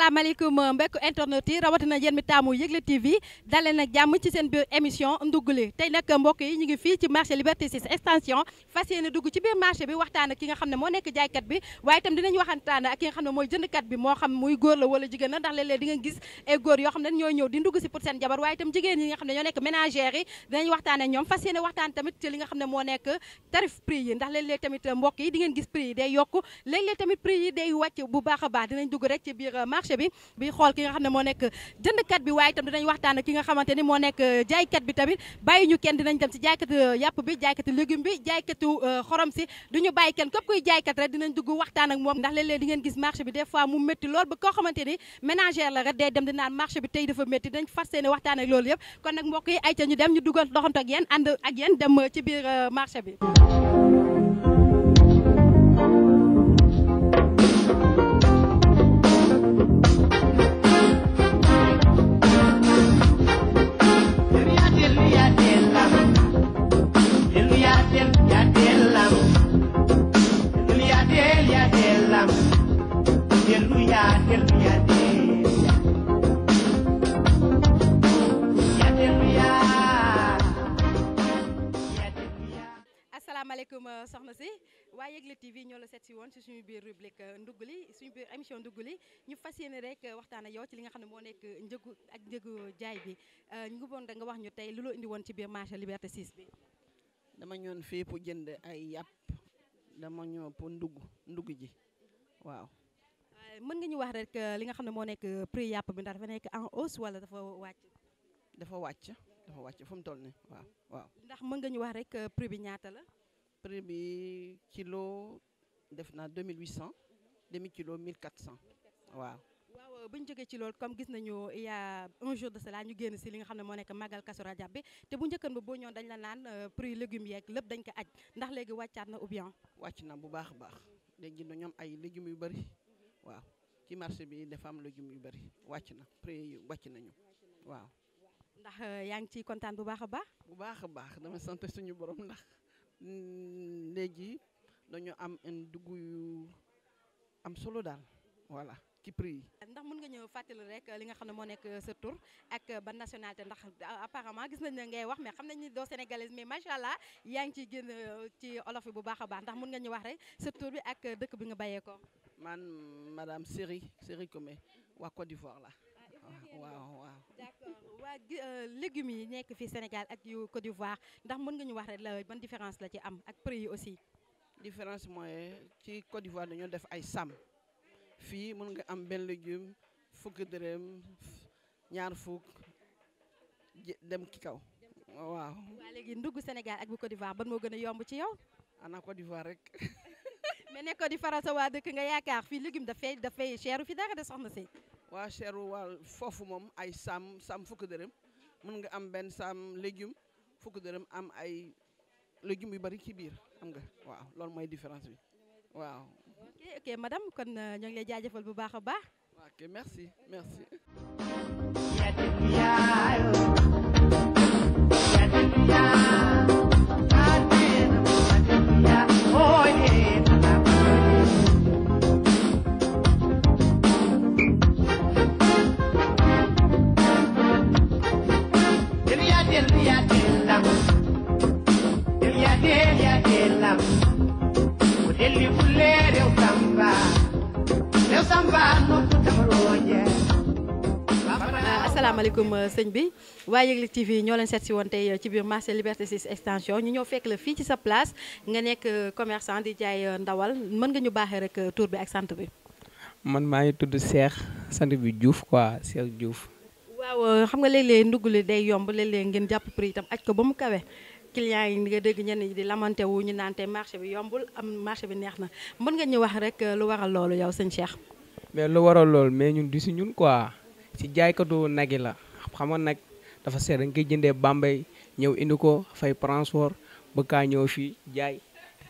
asalaamaaleykum mbokk internet yi rawatina yéen mi taamu Yegle TV dalee nag jàmm ci sen biir émission ndugg tay nak nag mbokk yi ñu ngi fi ci marché Liberté 6 extension fas yéene dugg ci biir marché bi waxtaan ak ki nga xam mo moo nekk jaaykat bi waaye itam dinañ waxantaan ak ki nga xam moy mooy jëndkat bi mo xam muy goor la wala jigéen la ndax léeg di nga gis ay goor yo xam ñoy ñew di ndugg ci pour sen jabar waye tam jigéen yi nga xam ñoy ñoo nekk ménagères yi dinañ waxtaan ak ñom fas yéene waxtaan tamit ci li nga xam mo moo nekk tarif prix yi ndax léeg tamit mbokk yi di ngeen gis prix day yok léeg tamit prix yi day wacc bu baaxa a baax dinañ dugg rek ci biir marché marché bi bi xool ki nga xam ne moo nekk jëndkat bi waaye ak ki nga xamante ni moo nekk euh, jaaykat bi tamit bàyyi ñu kenn dinañ dem si jaaykatu euh, yàpp bi jaaykatu légume bi jaaykatu euh, xorom si du ñu bàyyi kenn képp kuy jaaykat rek dinañ dugg waxtaan ak moom ndax léeg-léeg di ngeen gis marché bi des fois mu métti lool ba koo xamante ni ménagère dem di naan marché bi tey dafa métti dinañ fas yéene waxtaan ak loolu yëpp kon nag mbokk yi ayca ñu dem ñu duggal doxantu ak yéen ànd ak yéen dem ci biir marché bi rubrique euh, ndugg li suñu biir émission ndugg ñu fas rek euh, waxtaan yow ci li nga xam ne euh, ak jaay bi ñu ngi da nga wax ñu tey lu indi ci biir marché liberté 6 bi dama ñoon fii pour jënd ay dama ñoo pour ndugg ndugg ji waaw mën nga ñu wax rek li nga xam ne moo prix yàpp bi ndax dafa nekk en hausse wala dafa wàcc dafa wàcc dafa wàcc fu mu toll ni waaw waaw ndax mën nga ñu wax rek prix bi ñaata la prix bi kilo def naa 2800 demi kilo 1400 waaw. waaw bu ñu jógee ci loolu comme gis nañu il y a un jour de cela ñu génn si li nga xam ne moo nekk Magal Kazu Rajab bi te bu njëkkan ba boo ñëw dañ la naan prix euh, légumes yeeg lépp dañ ko aj ndax léegi wàccaat na ou bien. na bu baax a baax léegi ñun ñoom ay légumes yu bëri waaw ci marché bi dafa am légumes yu bëri wàcc na prix yi wàcc nañu waaw. ndax euh, yaa ngi ciy kontaan bu baax a baax. bu baax a baax dama sant suñu borom ndax mm, léegi dañu am une dugg yu am solo dal voilà qui prie ndax mën nga ñëw fàttali rek li nga xam ne moo nekk sa tur ak ban nationalité ndax apparemment gis nañ ne ngay wax mais xam nañ ni doo sénégalaise mais macha allah yaa ngi ciy génn euh, ci olof bi bu baax a baax ndax mën nga ñu wax rek sa tour bi ak dëkk bi nga bàyyee ko. man madame Séri Séri comme waa Côte d'Ivoire la. waaw waaw. d'accord waa euh, légumes yi nekk fii Sénégal ak yu Côte d'Ivoire ndax mën nga ñu wax rek la ban différence la ci am ak prix yi aussi. différence mooy ci Côte d'Ivoire dañoo def ay sàmm fi mën nga am benn légume fukki dërëm ñaar fukk dem ki kaw waaw. waa léegi ndugg Sénégal ak bu Côte d'Ivoire ban mo gën a yomb ci yow. ana Côte d'Ivoire rek. mais ne ko di sa waa dëkk nga yaakaar fii légume dafay dafay cher fi dara de soxna si. waa cher wa foofu moom ay sàmm sàmm fukki dërëm mën nga am benn sàmm légume fukki dërëm am ay légumes yu bari ci biir. Wow, nga waaw loolu mooy différence ok ok madame kon vous euh, lay ok merci. merci. alaykoum euh, sëñ bi waa Yëgle TV ñoo leen seet si woon euh, ci biir marché Liberté 6 extension ñu ñëw fekk le fi ci sa place nga nek euh, commerçant di jaay ndawal mën nga ñu baaxee rek tour bi ak sante bi. man maa ngi tudd Cheikh sante bi Diouf quoi Cheikh Diouf. waaw xam nga léeg-léeg ndugg li day yomb léeg-léeg ngeen jàpp prix itam aj ko ba mu kawe. yi nga dégg ñenn ñi di lamenté wu ñu naan marché bi yombul am marché bi neex na mën nga ñu wax rek lu waral loolu yow sëñ Cheikh. mais lu waral loolu mais ñun du si ñun quoi. si jaaykatu nag yi la xam nga nag dafa seet dañ koy jëndee Bambey ñëw indi ko fay transport ba kaa ñëw fii jaay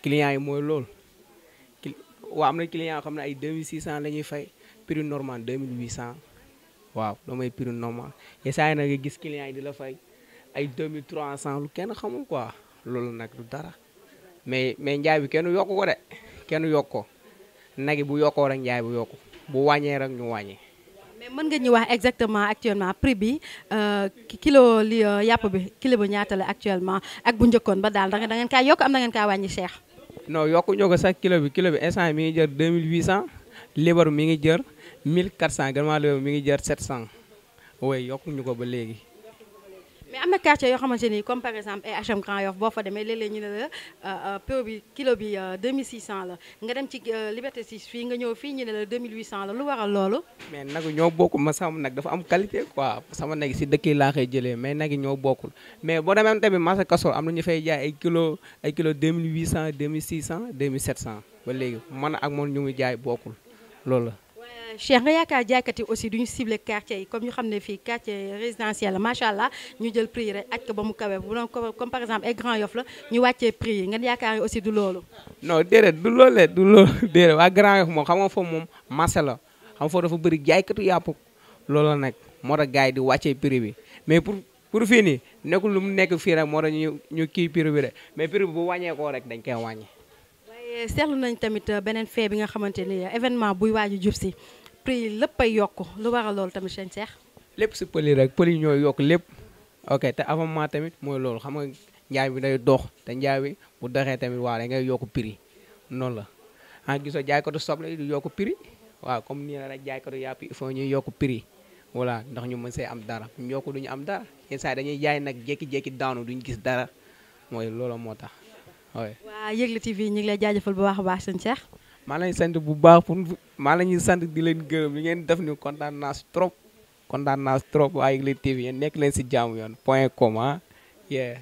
clients yi mooy loolu waaw am na client yoo xam ne ay 2600 la ñuy fay prix normal 2800 waaw loolu mooy prix normal ye saa yi nag yi gis client yi di la fay ay 2300 lu kenn xamul quoi loolu nag du dara mais mais njaay bi kenn yokk ko de kenn yokk ko nag bu yokkoo rek njaay bu yokku bu wàññee rek ñu wàññi mais mën nga ñu wax exactement actuellement prix bi euh, kilo li euh, yàpp bi kilo bu ñaata la actuellement ak bu njëkkoon ba daal da dangeen kaa yokk am da ngeen kaa wàññi cher. non yokk ñoo ko sax kilo bi kilo bi instant mi ngi jër 2800 libar mi ngi jër 1400 gën maa libar mi ngi jër 700 waaye yokku ñu ko ba léegi. mais am na quartier yoo xamante ni comme par exemple ay HM Grand Yoff boo fa demee léeg-léeg ñu ne la peu euh, bi kilo bi 2600 euh, la nga dem ci euh, Liberté 6 fii nga ñëw fii ñu ne la 2800 la lu waral loolu. mais nag ñoo bokkul ma sama nag dafa am qualité quoi sama nag si dëkk yi laa koy jëlee mais nag ñoo bokkul mais boo demee tamit marché Castor am na ñu fay jaay ay kilo ay kilo 2800 2600 2700 ba léegi man ak moom ñu ngi jaay bokkul loolu la. Cheikh nga yaakaar jaaykat aussi duñu ciblé quartier yi comme ñu xamné fi quartier résidentiel la macha allah ñu jël prix rek aj ba mu kawé bu comme par exemple ay Grand Yoff la ñu waccé prix yi ngeen yaakaar aussi du lolu non dédé du loolu du loolu déedéet waa Grand Yoff moom xam nga fo moom marché la xam fo dafa bëri jaaykatu yàpp lolu nak mo moo tax di waccé prix bi mais pour pour fini nekul lu mu nekk fi rek mo tax ñu ñu kii prix bi rek mais prix bu wañé ko rek dañ koy wañé Eh, seetlu nañ tamit euh, beneen fee bi nga xamante ni euh, événement buy waaju jub si prix lépp ay yokk lu waral loolu tamit seen seex lépp si pël yi rek pël yi ñoo yokk lépp ok te avant tamit mooy loolu xam nga njaay bi day dox te njaay bi bu tamit waa ngay yokk prix noonu la ah gisoo jaaykatu soble yi du yokk prix waaw comme nii la rek jaaykatu yàpp il faut ñuy yokk prix voilà ndax ñu mën see am dara ñu yokk duñu am dara yenn saa dañuy jaay nag jékki-jékki daanu duñu gis dara mooy loolu moo tax waaw Yëgle TV ñu ngi lay jaajëfal bu baax a baax sëñ Cheikh. maa lañu sant maa di leen gërëm li ngeen def ni kontaan naa si trop trop TV yéen nekk si jaamu yoon point com ah yeah.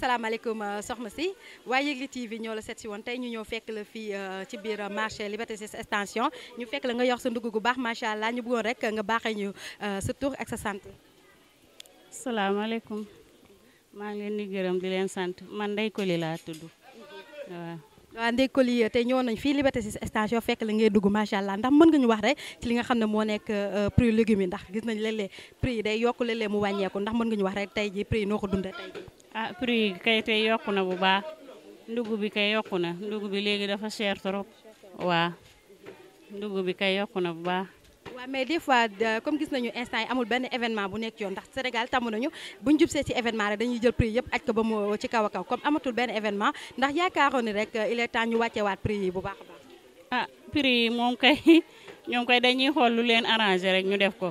Assalamualaikum, euh, soxna si way yegli TV ñoo la setti won tay ñu ñoo fekk la fi euh, ci biir marché Liberté 6 extension ñu fekk la nga yox sa ndugg gu baax machallah ñu bëggoon rek nga baaxee ñu euh, sa tour ak sa sant. asalaamaaleykum ma ngi leen di gërëm di leen sante man ko li la tuddu wa waaw ko li tey ñoo nañ fi Liberté extension fekk la ngay dugg machallah ndax mën nga ñu wax rek ci li nga mo nek prix légumes ndax gis nañ lélé prix day yokku lélé mu wañéku ndax mën nga ñu wax rek tay ji prix noko dundé tay ji ah prix yi kay tey yokku na bu baax ndugg bi kay yokku na ndugg bi léegi dafa cher trop waa ndugg bi kay yokku na bu baax. waaw mais des fois comme gis nañu instant yi amul benn événement bu nekk yoon ndax Sénégal tàmm nañu bu ñu jubsee ci événement rek dañuy jël prix yëpp aj ko ba mu ci kaw a kaw comme amatul benn événement ndax yaakaaroon ni rek il est temps ñu wàcceewaat prix yi bu baax a baax. ah prix yi moom kay ñoom kay dañuy xool lu leen arrangé rek ñu def ko.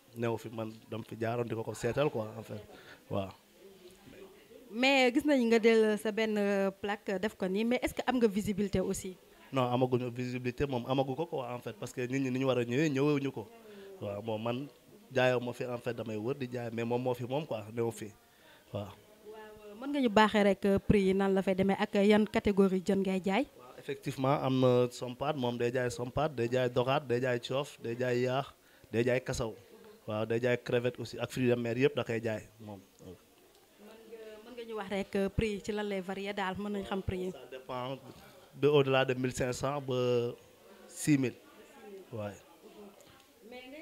new fi man dam fi jaaroon di ko ko seetal quoi en fait waaw. mais gis nañ nga del sa benn euh, plaque def ko nii mais est-ce que am nga visibilité aussi. non amaguñu visibilité moom amagu ko ko en fait parce que nit ñi ni ñu war a ñëwee ñëwewuñu ko waaw moom man jaayoo ma fi en fait damay wër di jaay mais moom moo fi moom quoi new fi waaw. mën nga ñu baaxee rek euh, prix yi nan la fay demee ak yan catégorie jën ngay jaay. waaw effectivement am na sompaat moom day jaay sompaat day jaay doxaat day jaay coof day jaay yaax day jaay kasaw. waaw day jaay crevette aussi ak fruits de mer yëpp da koy jaay moom. mën nga ñu wax rek euh, prix yi ci lan lay varier daal mën nañu xam prix yi. ça dépend de au delà de 1500 ba 6000 waaye.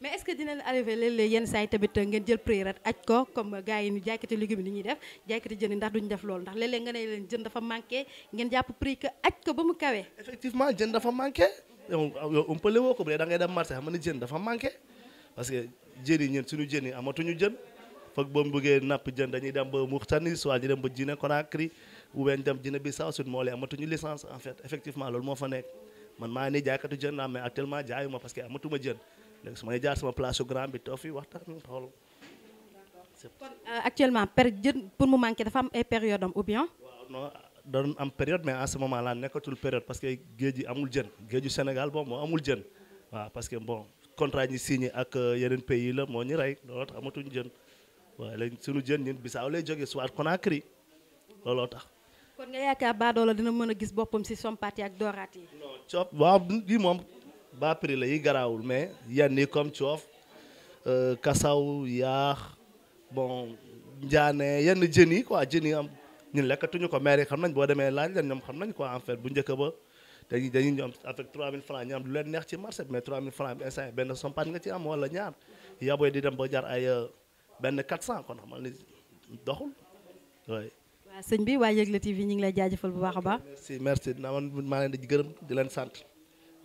mais est ce que dina leen arrivé léeg-léeg yenn say tabit ngeen jël prix rat acc ko comme gaay yi ni jaaykati légumes ni ñi def jaaykati jën ndax duñ def lool ndax lélé nga ne leen dafa manqué ngeen japp prix que acc ko ba mu kawee effectivement jën dafa manqué on peut le woo ko bu da ngay dem marché xam ne dafa manqué parce que jën yi ñun suñu jën yi ñu jën fakk bo mbugé napp jën dañuy dem ba Mauritanie soit ñu dem ba Guinée Conakry ou bien dem bi Bissau sud moo amatu ñu licence en fait effectivement lool mo fa nek man ma né jaaykatu jën na mais actuellement jaayuma parce que amatu ma jën léegi su may jaar sama place su grand bi toog fi waxtaan xool. kon eh, actuellement per jën pour mu manqué dafa am ay eh, période am ou bien. waaw non doon am période mais en ce moment là nekkatul période parce que géej gi amul jën géeju Sénégal bon moo amul jën waaw parce que bon contrat ñi signé ak eh, yeneen pays la moo ñu rey looloo tax amatuñu jën waaye léegi suñu jën ñun Bissau lay jógee soit Conakry looloo tax. kon nga yaakaar Badoo la dina mën a gis boppam si sompat ak Dorati. non coob waaw lii moom ba prix la yi garaawul mais euh, yenn yi comme coof kasaw yaax bon njaane yenn jën yi quoi jën yi am ñun ñu ko maire yi xam nañ boo demee laaj leen ñoom xam nañ ko en fait bu njëkk ba dañuy dañuy ñoom avec 3000 francs ñu am lu leen neex ci marché bi mais 3000 francs bi benn sompaat nga ci am wala ñaar yaboy di dem ba jar ay euh, benn 400 kon xamal ni doxul oui. waaw sëñ bi waa Yegle TV ñu ngi lay jaajëfal bu baax a baax. merci merci man maa sant.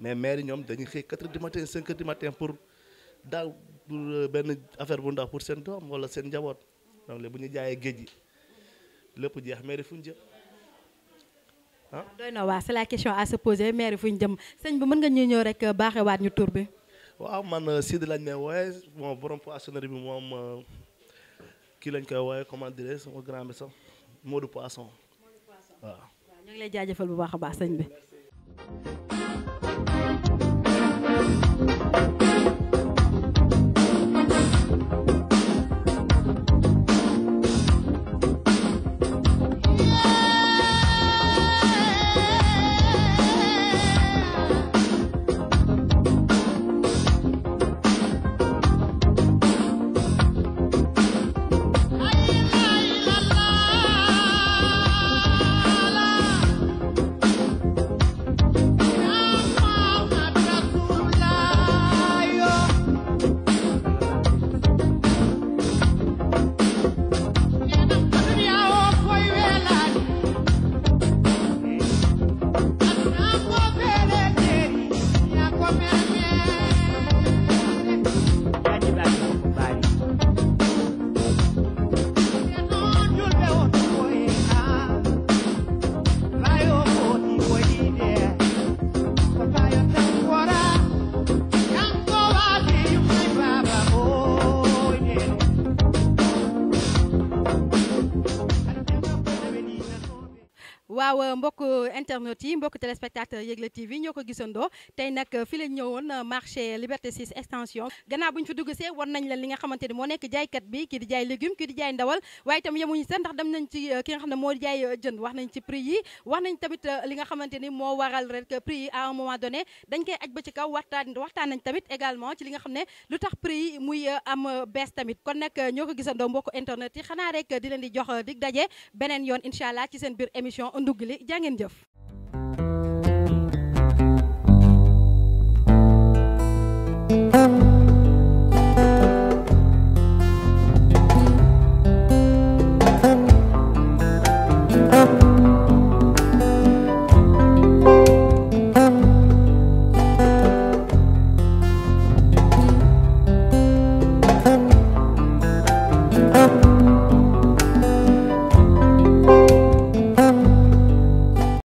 mais maire ñoom dañuy xëy 4 heures du matin 5 heures pour daaw euh, benn affaire bu ndax pour seen doom wala seen njaboot donc léegi bu ñu jaayee géej gi lépp jeex maire yi fu ñu jëm ah. na waa c'est la question à se fu ñu jëm sëñ bi mën nga ñu ñëw rek euh, waat ñu tur bi. waaw man euh, Sidi lañ may wooye bon borom poissonnerie bi moom kii lañ koy wooye comment dirais sama grand bi sax Modou Poisson waaw. waaw ngi lay jaajëfal bu baax a baax sëñ bi. you internautes yi mbokk téléspectateurs Yegle TV ñoko gissando tay nak fi la ñëwoon euh, marché Liberté 6 extension ganna buñ fi dugg sé won nañ leen li nga xamanteni mo moo nekk kat bi ki di jaay légumes ki di jaay ndawal waaye tam yamuñu sax ndax dam nañ ci euh, ki nga xam mo moo di jaay euh, jënd wax nañ ci prix yi wax nañ tamit li nga xamanteni mo waral rek prix à un moment donné dañ koy aj ba ci kaw waxtaan waxtaan nañ tamit également ci li nga xam lutax prix yi muy am baisse tamit kon nak ñoko gissando gisandoo mbokk internet yi xana rek di leen di jox dig dajé benen yoon inshallah ci seen bir émission ndugg li jaa jëf